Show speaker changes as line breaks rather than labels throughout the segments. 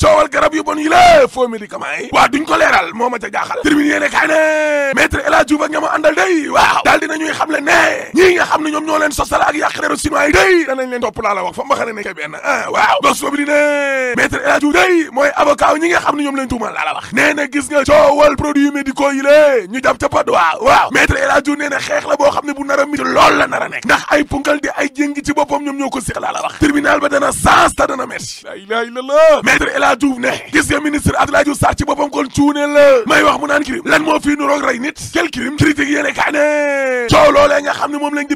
coowal garab yu bon yi la faux médicament yi ko leeral moo ma ca jaaxal termine xam ne ñoom ñoo la wax fa mbaxane ne kay ah xam ne ñoom leen tuumal laa la wax nee na gis nga coowal produits xam ne bu nar a mit lool ba dana sens ta dana merci la ilaha illallah Abdoulaye Diouf ne gis nga ministre Abdoulaye Diouf Sarr ci boppam kon cuune la may wax mu naan crime lan moo fii nuroog rey nit quel crime critique yéene kaa ne coow loolee nga xam ne moom lañ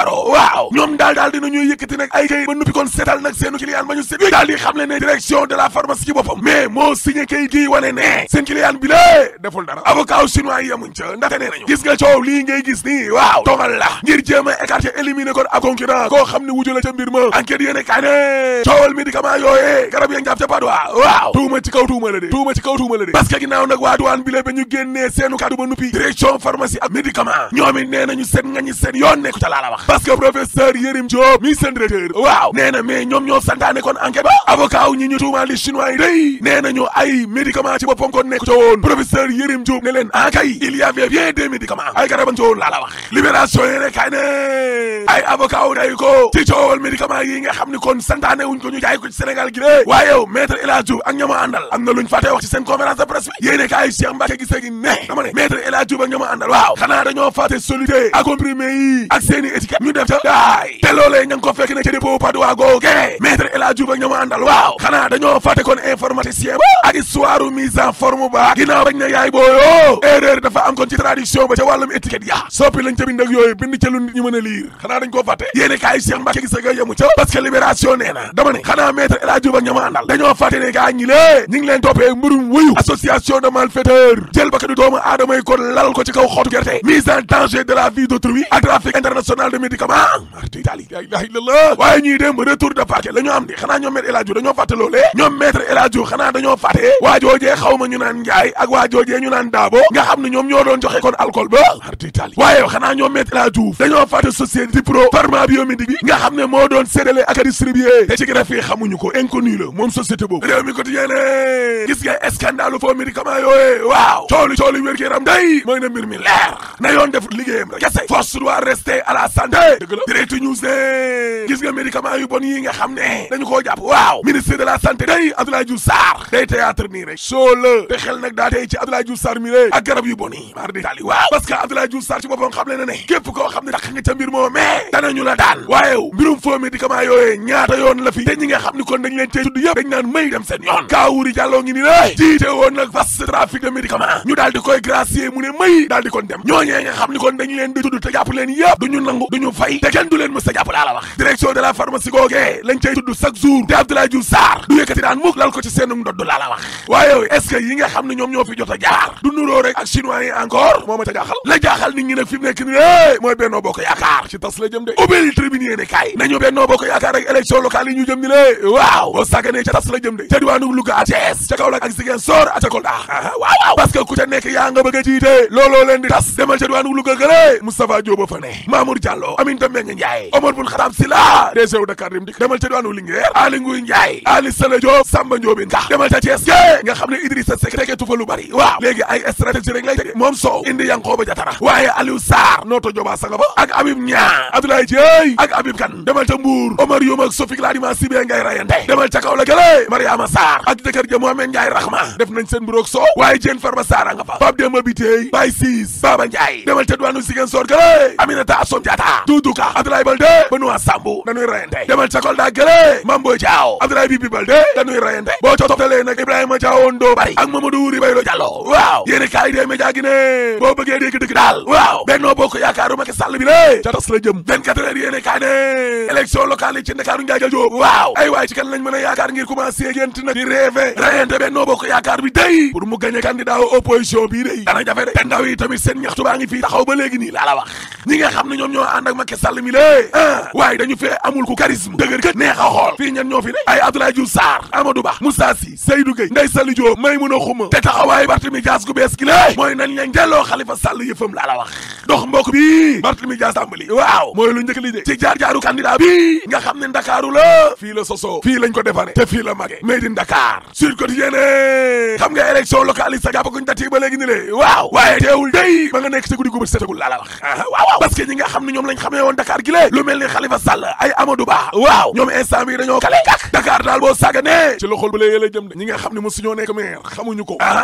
ah. daal daal dina ñuy yëkkati nag ay kayit ba nuppi kon seetal nag seenu client ba ñu daal di xam le ne direction de la pharmacie ci boppam mais moo signé kayit gi wane ne seen client bi lée deful dara avocat wu chinois yi yemuñ ca ndaxte gis nga coow lii ngay gis nii waaw tongal la ngir jéem a écarté éliminé kon ab concurrent koo xam ne wuju ca mbir ma enquête yéene kaa coowal médicament yooyee garab ya njaaf ca paduwa waaw tuuma ci kaw tuuma la de tuuma ci kaw tuuma la de parce que nag waa duwaan bi la ñu génnee seenu kàddu ba nuppi direction pharmacie ak médicament ñoom it nee nañu seen nga ñi seen ca laa wax parce que woon professeur Yérim Diop ne leen ah kay il y avait bien des médicaments ay garaban ci woon laa la ay avocat day ko ci coowal médicament yi nga xam ni kon santaane wuñ ko ñu jaay ko Sénégal gi de waaye yow maître ak ñama àndal am luñ fàtte wax ci seen conférence de presse bi kay Cheikh Mbacke gisee gi ne dama ne maître El Hadj Diouf ak ñama àndal waaw xanaa dañoo yi ak seeni étiquette ñu def ca daay te loolee ña ko fekk ne ca dépôt Padoa googe maître ginnaaw bañ ne yaay booyoo erreur dafa am kon ci traduction ba ca wàllum étiquette ya soppi lañ ca bind yooyu bind ca lu mën a liir xanaa dañ koo fàtte yéene kaay Cheikh Mbacke gis nga yemu ca parce que libération nee na dama ne Ba ñama àndal dañoo ne gaa ñi lée ñi leen toppee mbirum wuyu association de malfaiteurs jël bakkatu doomu aadama yi kon lal ko ci kaw xottu gerte mise en danger de la vie d'autrui ak trafic international de médicaments ak waa joojee ñu naan daabo nga xam ne ñoom ñoo doon joxe kon alcool ba ardi tali waaye xanaa ñoom metti laa juuf dañoo fàtte société pro pharma biomédique bi nga xam ne moo doon séddale ak a distribué te ci greffe yi xamuñu ko inconnu la moom société boobu réew mi quotidien ne gis nga scandale foo médicament yooye waaw cooli cooli wér gi day mooy na mbir mi leer na yoon def liggéeyam rek kese force doit rester à la santé dëgg la direct news ne gis nga daa tey ci Abdoulaye Diouf Sarr mi ak garab yu bon yi mar di tali waaw parce que Abdoulaye Diouf ci boppam xam le na ne képp koo xam ne tax nga ca mbir moo mais danañu la daal waaye mbirum faux médicament yooyee ñaata yoon la fi te ñi nga xam ni kon dañ leen tey tudd yëpp dañ naan may dem seen yoon kaawuri jàlloo ngi ni lé jiite woon nag fas trafic de médicament ñu daal di koy gracier mu ne may daal di kon dem ñooñee nga xam ni kon dañ leen di tudd ñoo fi jot a jaar du nuroo rek ak chinois yi encore moo ma ca jaaxal la jaaxal eh, yaakaar ci tas la jëm de tribune yéene kaay nañu bennoo bokk yaakaar ak élection locale yi ñu jëm ni waaw boo sàgganee ca tas la jëm de ca diwaanu Louga ak Thiès ca Kaolack ak Ziguinchor ku ca nekk yaa nga bëgg a looloo leen di tas demal ca diwaanu Louga gële Moustapha Diop a fa ne Mamour Diallo Aminata Mbengue Ndiaye Omar Boun Khattab Sylla DG Dakar Dem Dikk demal ca diwaanu Linguère Aly Ngouille Ali Sala Diop Samba Ndiobène lu bari waaw léegi ay stratégie rek lay tege moom soow indi Yankhoba Diattara waaye Aliou Sarr nooto jobaa sanga ba ak Habib Niang Abdoulaye Dieye ak Habib Kane demal ca Mbour Omar Youm ak Sophie Gladima Sibé ngay rayante demal ca kaw la gële Mariama Sarr ak jëkkër ja Mohamed Ndiaye Rahma def nañ seen bureau soow waaye Diène Farba Sarr a nga fa Pape Demba Biteye Baye Ciss Baba Ndiaye demal demal ca Kolda gële Mamboy Diaw Abdoulaye Bibi Baldé dañuy rayante boo Bayro Diallo waaw yéen kaay dee média gi ne boo bëggee dégg dëgg daal waaw Benno Bokk Yaakaaru Macky Sall bi ne ca tas la jëm 24 heures yéen kaay ne élection locale ci Ndakaaru njaajal joob waaw ay waay ci kan lañ mën a yaakaar ngir commencé gént nag di rêvé rayante Benno Bokk Yaakaar bi day pour mu gagné candidat opposition bii day dana jafe de te ndaw tamit seen ñaxtu baa ngi fii taxaw ba léegi nii laa la wax ñi nga xam ne ñoom ñoo ànd ak Macky Sall ah, a waaw Barthélemy Dias gu bees gi lé mooy nañ leen delloo Khalifa Sall yëfam la la wax dox mbokk bi Barthélemy Dias tàmbali waaw mooy lu njëkk li ci jaar jaaru candidat bi nga xam ne Ndakaaru la fii la sosoo fii lañ ko defare te fii la mage made in Dakar Sud Quotidien xam nga élection locale yi sa jàppaguñ dati ba ni lé waaw waaye teewul day ma nga nekk ci guddi gu bët setagul la la wax ah ah waaw waaw parce nga xam ne ñoom lañ xamee woon Dakar gi lé lu mel ni Khalifa Sall ay Amadou waaw ñoom instant dañoo kale kak Dakar nga xam ne mosuñoo ko ah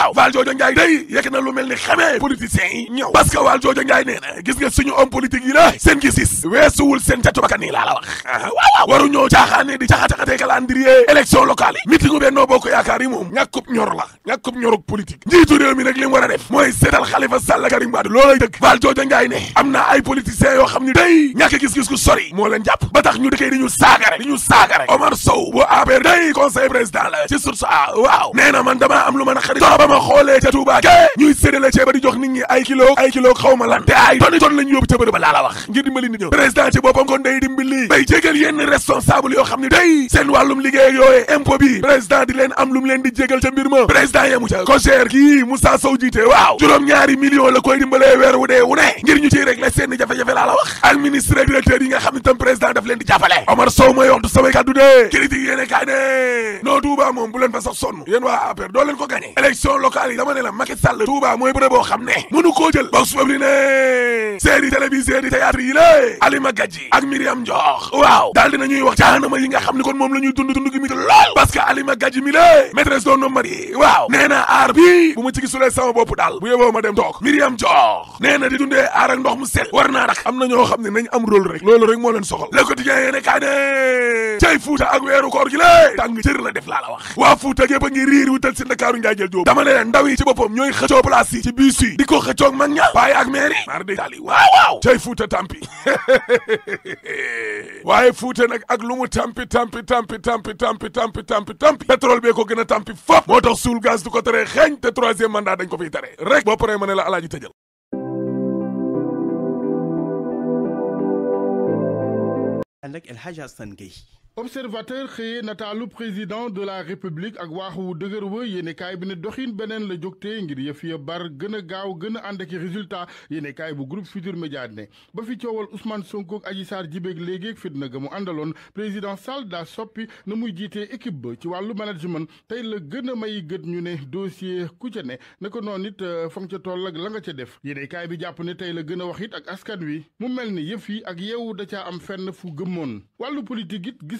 waaw Val Joojo Njaay nee a def mooy am na ay politiciens yoo xam ne day ñàkk gis-gis ku sori moo leen jàpp ba ñu dëkkee di ñu saagare di ñu saagare Omar Sow bu APR day conseil président la ci source a waaw nee na man dama am lu mën a xarit ma xoolee ca Touba ke ñuy séddale ceeb ba di jox nit ñi ay kilo ay kilo xaw ma lan te ay tonni ton lañu yóbbu ca ba laa la wax ngir dimbali nit ñi président ci boppam kon day dimbali bay jégal yenn responsable yoo xam ne day seen wàllum liggéey yooyee impôt bi président di leen am lu mu leen di jégal ca mbir ma président yemu ca COJER kii Moussa Sow jiite waaw juróom-ñaari million la koy dimbalee weer wu dee wu ne ngir ñu ciy régler la wax administre di jàppale Omar Sow may wax du locales yi dama ne la Macky Sall Touba mooy bërëb boo xam ne mënu koo jël box fab li ne série télévisée di théâtre yi lée Alima Gadji ak Miriam Ndiokh waaw daal dina wax jaanama yi nga xam ni kon moom la ñuy dund dund gi mi lool parce Alima Gadji mi lée maîtresse d'un homme marié waaw nee aar bi bu ma ci gisulee sama bopp daal bu yeboo ma dem toog Miriam Ndiokh nee di dundee aar ak ndox mu sel war naa rak am na xam ne nañ am rôle rek loolu a ne leen ndaw yi ci boppam ñooy xëccoo place yi ci bus yi di ko xëccoog mag ña bàyyi ak maire yi mar di tali waaw waaw cay fuuta tampi waaye fuuta nag ak lu mu tampi tampi tampi tampi tampi tampi tampi tampi pétrole bee ko gën a tampi fop moo tax suul gaz du ko tere xeeñ te troisième mandat dañ ko fiy tere rek boo paree ma ne la alaaji tëjal
ànd observateur xëyee nataalu président de la république ak waaxu wu dëgër wa yéenekaay bi ne doxin beneen la jógtee ngir yëf ya bar gën a gaaw gën a ànd ak résultat yéenekaay bu groupe Futur Média ne ba fi coowal Ousmane Sonko ak Adji Sarr jibeeg léegeeg fitna ga mu àndaloon président Sall daa soppi na muy jiitee équipe ba ci wàllu management tey la gën a may gët ñu ne dossier ku ca ne na ko noonu it euh, fa ca toll ak la nga ca def yéenekaay bi jàpp ne tey la gën a wax it ak askan wi mu mel ni yëf yi ak yeewu da caa am fenn fu gëmmoon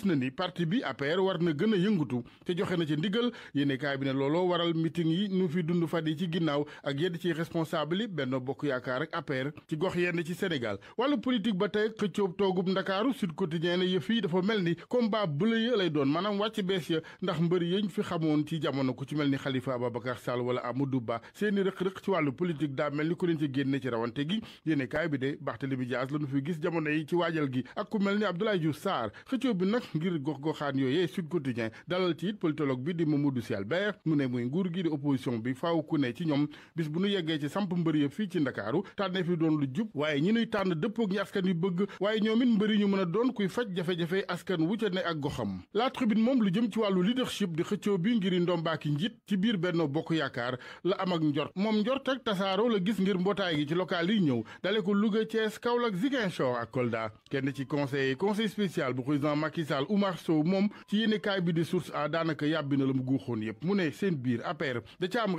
gis na ni parti bi APR war na gën a yëngatu te joxe na ci ndigal yéenekaay bi ne looloo waral meeting yi nu fi dund fan yi ci ginnaaw ak yenn ci responsable benn Benno Bokk Yaakaar ak APR ci gox yenn ci senegal wàllu politique ba tey xëccoob toogu Ndakaaru Sud Quotidien ne yëf yi dafa mel ni combat bleu ya lay doon maanaam wàcc bees ya ndax mbër yëñ fi xamoon ci jamono ku ci mel ni xalifa Khalifa Ababacar Sall wala Amadou Ba seeni rëq-rëq ci wàllu politique daa mel ni ku leen ci ci rawante gi yéenekaay bi de Barthélémy Dias la nu fi gis jamono yi ci waajal gi ak ku mel ni Abdoulaye Diouf Sarr xëccoo bi nag ngir gox-goxaan yooyee Sud Quotidien dalal ci it politologue bi di Mamadou Sy Albert mu ne muy nguur gi di opposition bi faaw ku ne ci ñoom bis bu nu yeggee ci samp mbër yëpp fii ci ndakaaru tànneef yi doon lu jub waaye ñi nuy tànn dëppoog ñi askan yu bëgg waaye ñoom it mbëri ñu mën a doon kuy faj jafe-jafe askan wu ca ne ak goxam la tribune moom lu jëm ci wàllu leadership di xëccoo bii ngir ndombaaki njiit ci biir Benno Bokk Yaakaar la am ak njort moom njort ak tasaaroo la gis ngir mbootaay gi ci local yi ñëw dale ko Louga Thiès Kaolack Ziguinchor ak Kolda kenn ci conseil conseil spécial bu président daal Oumar Sow moom ci yéenekaay bi di source a daanaka na la mu guuxoon yëpp mu ne seen biir APR da ca am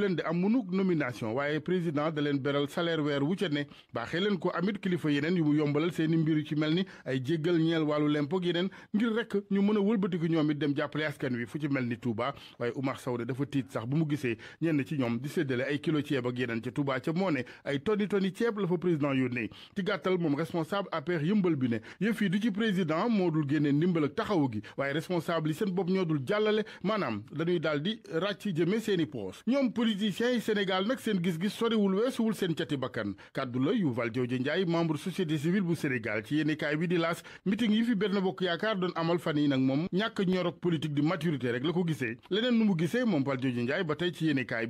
leen di am munuk nomination waaye président da leen beral salaire weer wu ca ne baaxee leen ko amit kilifa yeneen yu mu yombalal seen i mbir yu ci mel ni ay jéggal ñeel wàllu lempog yeneen ngir rek ñu mën a wëlbatiku ñoom it dem jàppale askan wi fu ci mel ni Touba waaye Oumar Sow ne tiit sax bu mu gisee ñenn ci ñoom di séddale ay kilo ceeb ak yeneen ca Touba ca moo ne ay toni toni ceeb la fa président yónnee ci gàttal moom responsable APR yëmbal bi ne yëf du ci président président moo dul génne ndimbal taxawu gi waaye responsable seen bopp ñoo dul jàllale maanaam dañuy daal ràcc jëme seen i poos ñoom politiciens yi Sénégal nag seen gis-gis soriwul weesuwul seen cati bakkan kàddu la yu Valdiodio Ndiaye membre société civile bu Sénégal ci yéenekaay bi di laas meeting yi fi benn bokk yaakaar doon amal fan yi nag moom ñàkk ñorok politique di maturité rek la ko gisee leneen nu mu gisee moom Valdiodio Ndiaye ba tey ci yéenekaay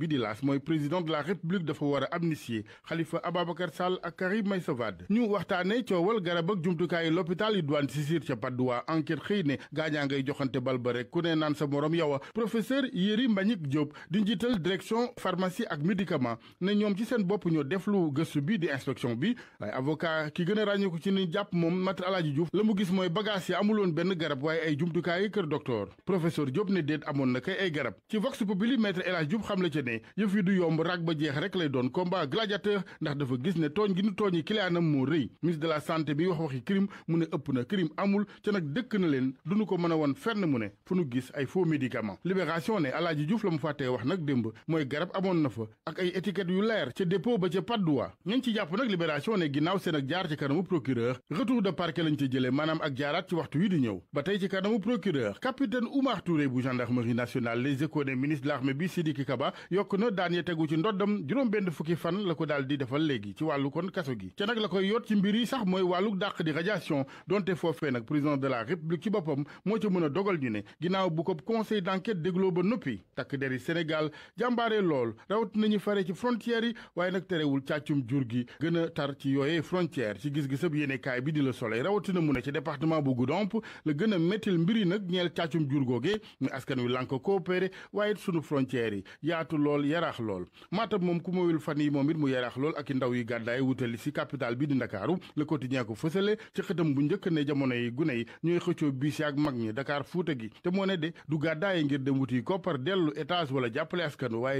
a Sisir ca Padoua enquête xëy ne gaañaa ngay joxante bal ba ku ne naan sa morom yow a professeur Yéri Mbagnick Diop di njiital direction pharmacie ak médicament ne ñoom ci seen bopp ñoo def lu gëstu bi di inspection bi waaye avocat ki gën a ràññeeku ci ni jàpp moom maître Alaaji Diouf la mu gis mooy bagage yi amuloon benn garab waaye ay jumtukaayi kër docteur professeur Diop ne déet amoon na kay ay garab ci vox populi maître El Hadj Diouf la ca ne yëf yi du ne tooñ gi nu tooñi kiliyaanam amul te nag dëkk na leen duñu ko mën a woon fenn mu ne fu nu gis ay faux médicament libération ne alaaji Diouf la mu fàttee wax nag démb mooy garab amoon na fa ak ay étiquettes yu leer ca dépôt ba ca padduwa ñañ ci jàpp nag libération ne ginnaaw seen ak jaar ci kanamu procureur retour de parquet lañ ci jële maanaam ak jaaraat ci waxtu wi di ñëw ba tey ci kanamu procureur capitaine Oumar Touré bu gendarmerie nationale les échos ne ministre de l'armée bi Sidiki Kaba yokk na benn fukki fan la ko daal di defal léegi ci wàllu kon gi te nag la koy yoot ci mbir yi sax mooy wàllu dàq di radiation foofee nag président de la république ci boppam moo ci mën a dogal ñu ne ginnaaw bu ko conseil d'enquête dégloo ba noppi takk deri Sénégal jàmbaare lool rawat nañu fare ci frontières yi waaye nag terewul càccum jur gi gën a tar ci yooyee frontière ci gis-gisab yéenekaay bi di la Soleil na mu ne ci département bu Goudomp la gën a méttil mbir yi nag ñeel càccum jur googee ñu askan wi lànk coopéré waaye sunu frontières yi yaatu lool yaraax lool maatam moom ku mawul fan yi moom it mu yaraax lool ndaw yi gàddaay wutali si bi di Ndakaaru jamono yi gune yi ñooy xëccoo biis yaak mag ñi Dakar de du gàddaayi ngir dem wuti koppar dellu étage wala jàppale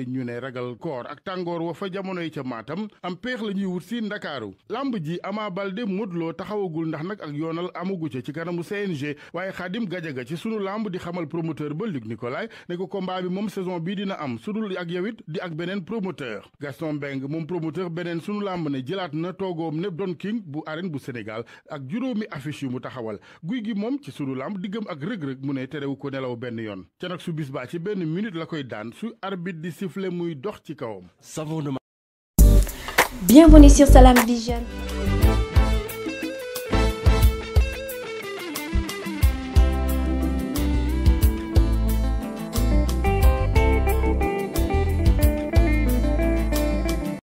ñu ne ragal koor ak tàngoor wa fa jamono yi ca Matam am peex la ñuy wut si Ndakaaru lamb ji Ama Baldé Modou Lô taxawagul ndax nag ak yoonal amugu ca ci kanamu CNG waaye Xaadim Gajaga ci sunu lamb di xamal promoteur ba Luc Nicolaï ne ko combat bi moom saison bii dina am sudul ak yow it di ak beneen promoteur Gaston Mbengue moom promoteur beneen sunu lamb ne jëlaat na toogoom ne Don King bu arène bu Sénégal ak juróomi affiche yu mu taxaw taxawal guy gi moom ci sunu lamb diggam ak rëg-rëg mu ne terewu ko nelaw benn yoon ca nag su bis baa ci benn minute la koy daan su arbitre di siffler muy dox ci kawam. Bienvenue sur